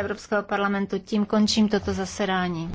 Evropského parlamentu. Tím končím toto zasedání.